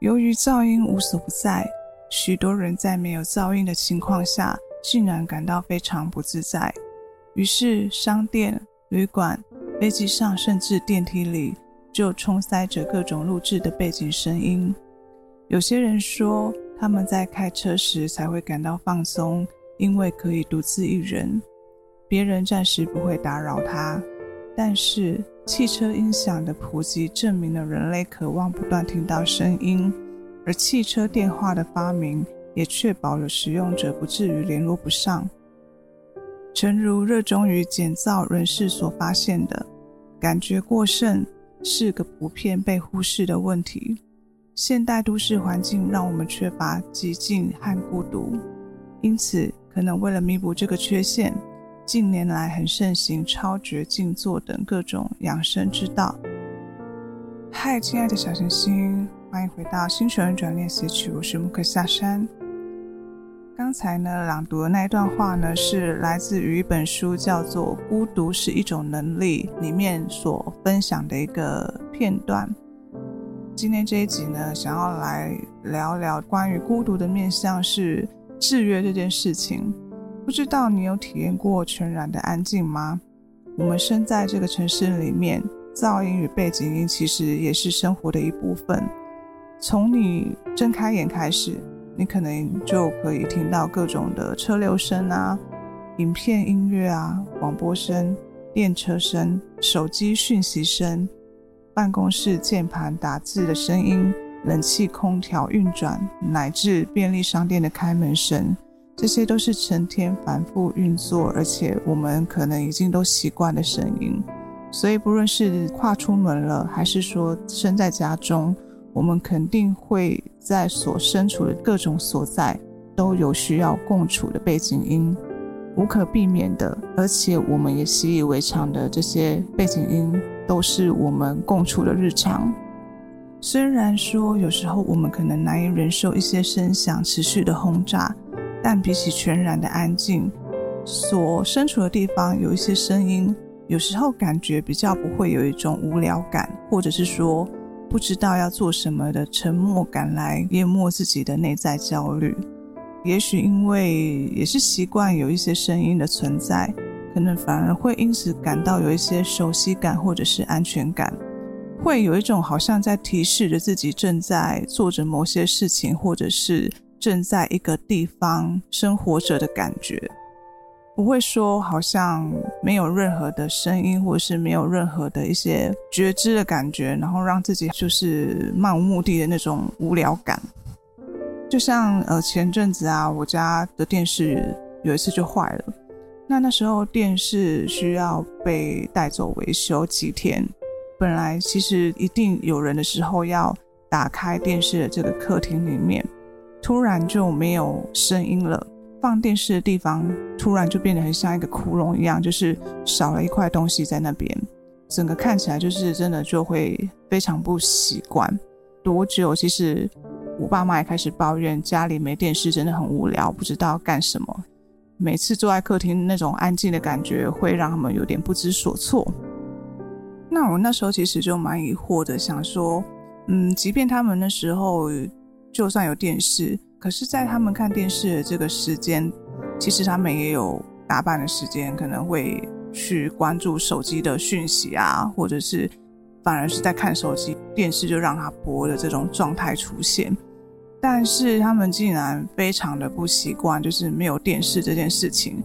由於噪音無所不在，許多人在沒有噪音的情況下竟然感到非常不自在。於是，商店、旅館、飛機上甚至電梯裡就充塞着各種錄制的背景聲音。有些人說，他們在開車時才會感到放鬆，因為可以獨自一人，別人暫時不會打擾他。但是，汽車音響的普及證明了人類渴望不斷聽到聲音，而汽車電話的發明也確保了使用者不至於聯絡不上。誠如熱衷於減噪人士所發現的，感覺過剩是個普遍被忽視的問題。現代都市環境讓我們缺乏寂靜和孤獨，因此可能為了彌補這個缺陷。近年來很盛行超覺靜坐等各種養生之道。嗨，親愛的小行星，歡迎回到星球運轉練習曲，我是莫克夏山。剛才呢，朗讀的那一段話呢，是來自於一本書，叫做《孤獨是一種能力》裡面所分享的一個片段。今天這一集呢，想要來聊聊關於孤獨的面向是制約這件事情。不知道你有體驗過全然的安靜嗎？我們身在這個城市裡面，噪音與背景音其實也是生活的一部分。從你睜開眼開始，你可能就可以聽到各種的車流聲啊、影片音樂啊、廣播聲、電車聲、手機訊息聲、辦公室鍵盤打字的聲音、冷氣空調運轉，乃至便利商店的開門聲。這些都是成天反覆運作，而且我們可能已經都習慣的聲音，所以不論是跨出門了，還是說身在家中，我們肯定會在所身處的各種所在都有需要共處的背景音，無可避免的，而且我們也習以為常的這些背景音都是我們共處的日常。雖然說有時候我們可能難以忍受一些聲響持續的轟炸。但比起全然的安靜，所身處的地方有一些聲音，有時候感覺比較不會有一種無聊感，或者是說不知道要做什麼的沉默感來淹沒自己的內在焦慮。也許因為也是習慣有一些聲音的存在，可能反而會因此感到有一些熟悉感或者是安全感，會有一種好像在提示着自己正在做着某些事情，或者是，正在一個地方生活着的感覺，不會說好像沒有任何的聲音，或者是沒有任何的一些覺知的感覺，然後讓自己就是漫無目的的那種無聊感。就像呃前陣子啊，我家的電視有一次就壞了，那那時候電視需要被帶走維修幾天，本來其實一定有人的時候要打開電視，的這個客廳裡面。突然就沒有聲音了，放電視的地方突然就變得很像一個窟窿一樣，就是少了一塊東西在那邊，整個看起來就是真的就會非常不習慣。多久？其實我爸媽也開始抱怨家裡沒電視真的很無聊，不知道幹什麼。每次坐在客廳那種安靜的感覺會讓他們有點不知所措。那我那時候其實就蠻疑惑的，想說，嗯，即便他們那時候。就算有電視，可是，在他們看電視的這個時間，其實他們也有大半的時間，可能會去關注手機的訊息啊，或者是反而是在看手機，電視就讓他播的這種狀態出現。但是他們竟然非常的不習慣，就是沒有電視這件事情。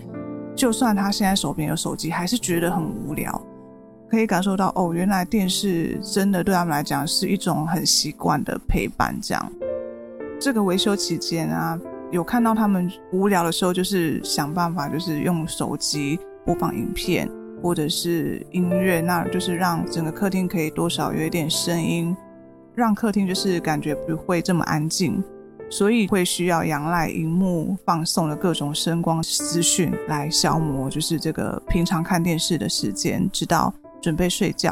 就算他現在手邊有手機，還是覺得很無聊，可以感受到哦，原來電視真的對他們來講是一種很習慣的陪伴，這樣。這個維修期間啊，有看到他們無聊的時候，就是想辦法，就是用手機播放影片或者是音樂，那就是讓整個客廳可以多少有一點聲音，讓客廳就是感覺不會這麼安靜，所以會需要仰賴熒幕放送的各種聲光資訊來消磨，就是這個平常看電視的時間，直到準備睡覺。.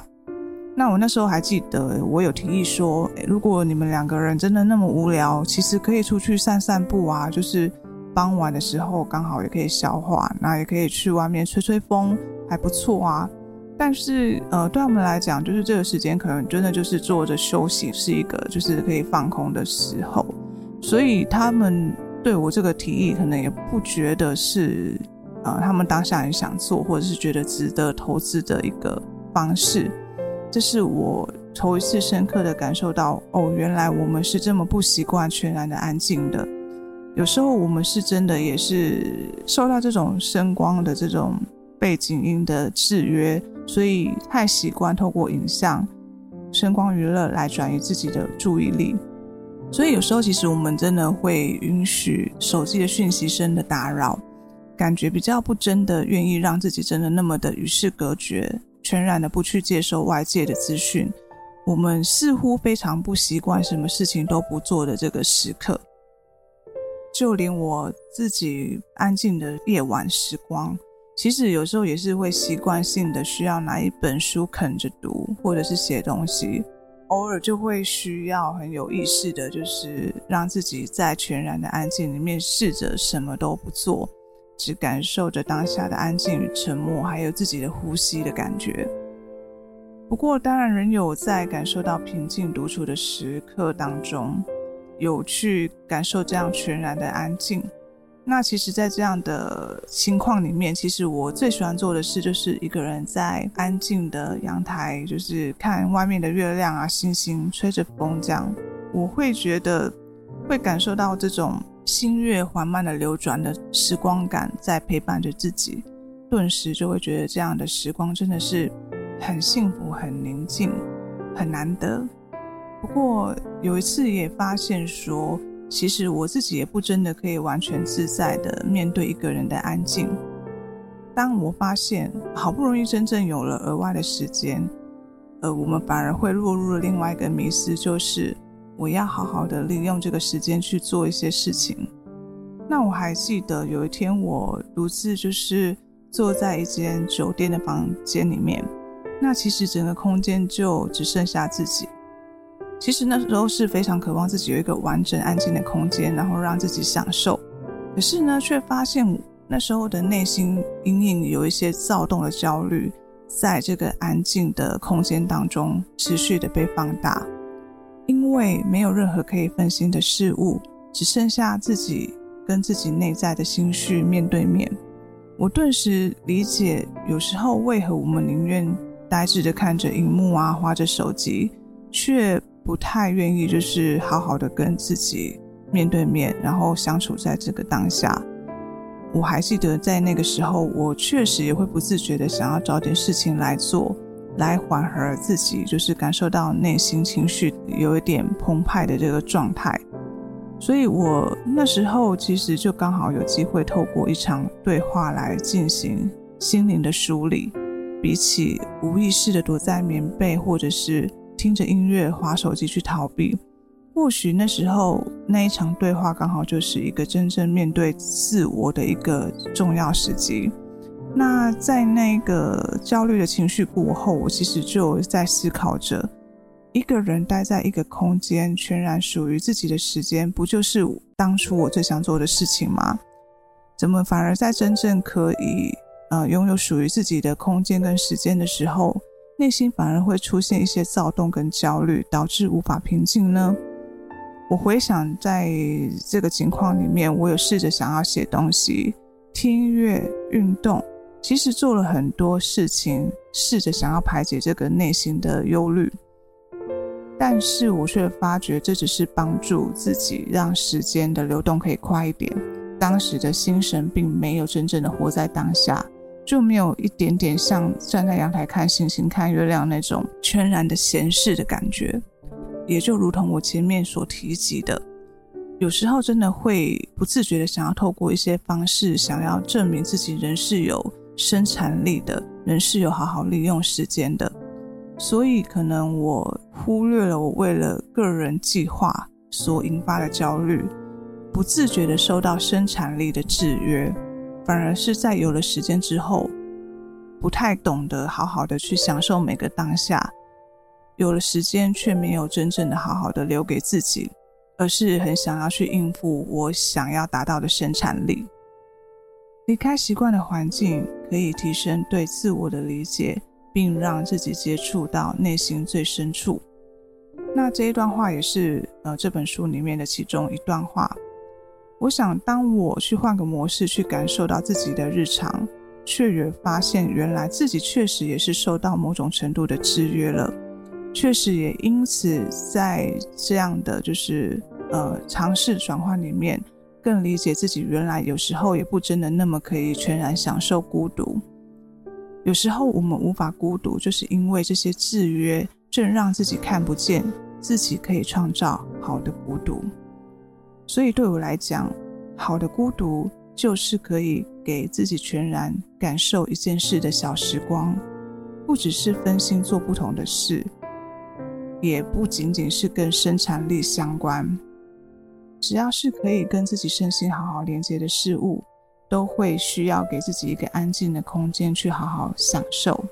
那我那時候還記得，我有提議說，如果你們兩個人真的那麼無聊，其實可以出去散散步啊，就是傍晚的時候剛好也可以消化，那也可以去外面吹吹風，還不錯啊。但是呃，對他們來講，就是這個時間可能真的就是坐着休息是一個，就是可以放空的時候，所以他們對我這個提議可能也不覺得是呃他們當下很想做，或者是覺得值得投資的一個方式。這是我頭一次深刻的感受到，哦，原來我們是這麼不習慣全然的安靜的。有時候我們是真的也是受到這種聲光的這種背景音的制約，所以太習慣透過影像、聲光娛樂來轉移自己的注意力。所以有時候其實我們真的會允許手機的訊息聲的打擾，感覺比較不真的願意讓自己真的那麼的與世隔絕。全然的不去接受外界的資訊，我們似乎非常不習慣什麼事情都不做的這個時刻。就連我自己安靜的夜晚時光，其實有時候也是會習慣性的需要拿一本書啃着讀，或者是寫東西。偶爾就會需要很有意識的，就是讓自己在全然的安靜裡面試着什麼都不做。只感受着當下的安靜與沉默，還有自己的呼吸的感覺。不過，當然仍有在感受到平靜獨處的時刻當中，有去感受這樣全然的安靜。那其實，在這樣的情況裡面，其實我最喜歡做的事就是一個人在安靜的陽台，就是看外面的月亮啊、星星，吹着風這樣，我會覺得會感受到這種。星月緩慢的流轉的時光感在陪伴着自己，頓時就會覺得這樣的時光真的是很幸福、很寧靜、很難得。不過有一次也發現說，其實我自己也不真的可以完全自在的面對一個人的安靜。當我發現好不容易真正有了額外的時間，呃，我們反而會落入另外一個迷思，就是。我要好好的利用這個時間去做一些事情。那我還記得有一天，我獨自就是坐在一間酒店的房間裡面，那其實整個空間就只剩下自己。其實那時候是非常渴望自己有一個完整安靜的空間，然後讓自己享受。可是呢，卻發現那時候的內心隱隱有一些躁動的焦慮，在這個安靜的空間當中持續的被放大。因為沒有任何可以分心的事物，只剩下自己跟自己內在的心緒面對面。我頓時理解，有時候為何我們寧願呆滯的看着熒幕啊，劃着手機，卻不太願意就是好好的跟自己面對面，然後相處在這個當下。我還記得在那個時候，我確實也會不自覺的想要找點事情來做。來緩和自己，就是感受到內心情緒有一點澎湃的這個狀態，所以我那時候其實就剛好有機會透過一場對話來進行心靈的梳理。比起無意識的躲在棉被，或者是聽着音樂，滑手機去逃避，或許那時候那一場對話剛好就是一個真正面對自我的一個重要時機。那在那個焦慮的情緒過後，我其實就在思考着：一個人待在一個空間，全然屬於自己的時間，不就是當初我最想做的事情嗎？怎麼反而在真正可以呃擁有屬於自己的空間跟時間的時候，內心反而會出現一些躁動跟焦慮，導致無法平靜呢？我回想在這個情況裡面，我有試着想要寫東西、聽音樂、運動。其實做了很多事情，試着想要排解這個內心的憂慮，但是我卻發覺這只是幫助自己，讓時間的流動可以快一點。當時的心神並沒有真正的活在當下，就沒有一點點像站在陽台看星星、看月亮那種全然的閒適的感覺。也就如同我前面所提及的，有時候真的會不自覺地想要透過一些方式，想要證明自己人是有。生產力的人是有好好利用時間的，所以可能我忽略了我為了個人計劃所引發的焦慮，不自覺的受到生產力的制約，反而是在有了時間之後，不太懂得好好的去享受每個當下，有了時間卻沒有真正的好好的留給自己，而是很想要去應付我想要達到的生產力，離開習慣的環境。可以提升對自我的理解，並讓自己接觸到內心最深處。那這一段話也是呃這本書裡面的其中一段話。我想當我去換個模式去感受到自己的日常，卻也發現原來自己確實也是受到某種程度的制約了。確實也因此在這樣的就是呃嘗試轉換裡面。更理解自己，原來有時候也不真的那麼可以全然享受孤獨。有時候我們無法孤獨，就是因為這些制約正讓自己看不見自己可以創造好的孤獨。所以對我來講，好的孤獨就是可以給自己全然感受一件事的小時光，不只是分心做不同的事，也不僅僅是跟生產力相關。只要是可以跟自己身心好好連接的事物，都會需要給自己一個安靜的空間去好好享受。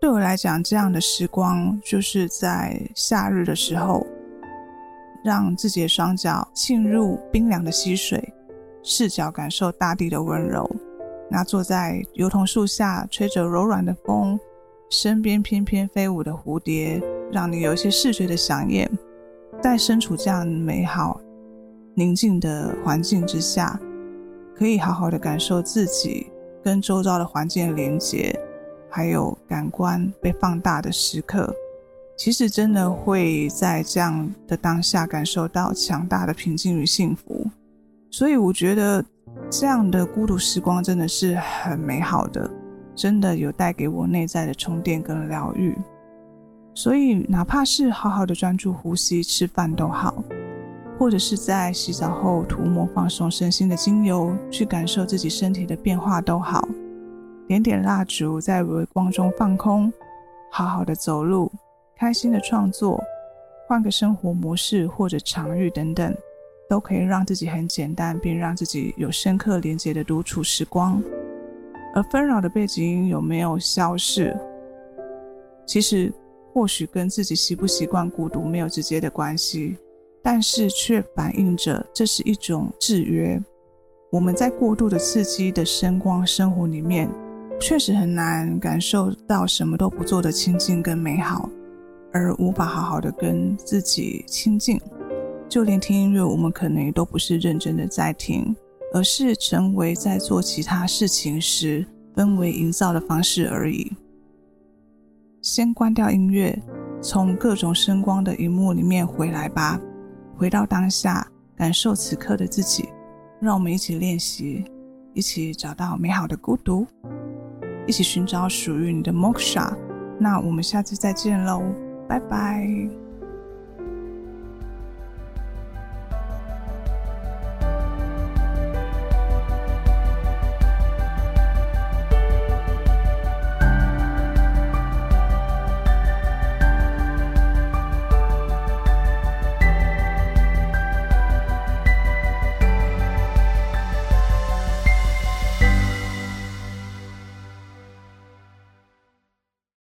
對我來講，這樣的時光就是在夏日的時候，讓自己的雙腳浸入冰涼的溪水，赤腳感受大地的溫柔。那坐在油桐樹下，吹着柔軟的風，身邊翩翩飛舞的蝴蝶，讓你有一些視覺的想念。在身處這樣美好、寧靜的環境之下，可以好好的感受自己跟周遭的環境的連接，還有感官被放大的時刻，其實真的會在這樣的當下感受到強大的平靜與幸福。所以我覺得這樣的孤獨時光真的是很美好的，真的有帶給我內在的充電跟療癒。所以，哪怕是好好的專注呼吸、吃飯都好，或者是在洗澡後塗抹放鬆身心的精油，去感受自己身體的變化都好，點點蠟燭在微微光中放空，好好的走路，開心的創作，換個生活模式或者場域等等，都可以讓自己很簡單，並讓自己有深刻連接的獨處時光。而紛擾的背景有沒有消逝？其實。或許跟自己習不習慣孤獨沒有直接的關係，但是卻反映着這是一種制約。我們在過度的刺激的聲光生活裡面，確實很難感受到什麼都不做的清淨跟美好，而無法好好的跟自己親近。就連聽音樂，我們可能也都不是認真的在聽，而是成為在做其他事情時氛圍營造的方式而已。先關掉音樂，從各種聲光的熒幕裡面回來吧，回到當下，感受此刻的自己。讓我們一起練習，一起找到美好的孤獨，一起尋找屬於你的 Moksha。那我們下次再見嘍，拜拜。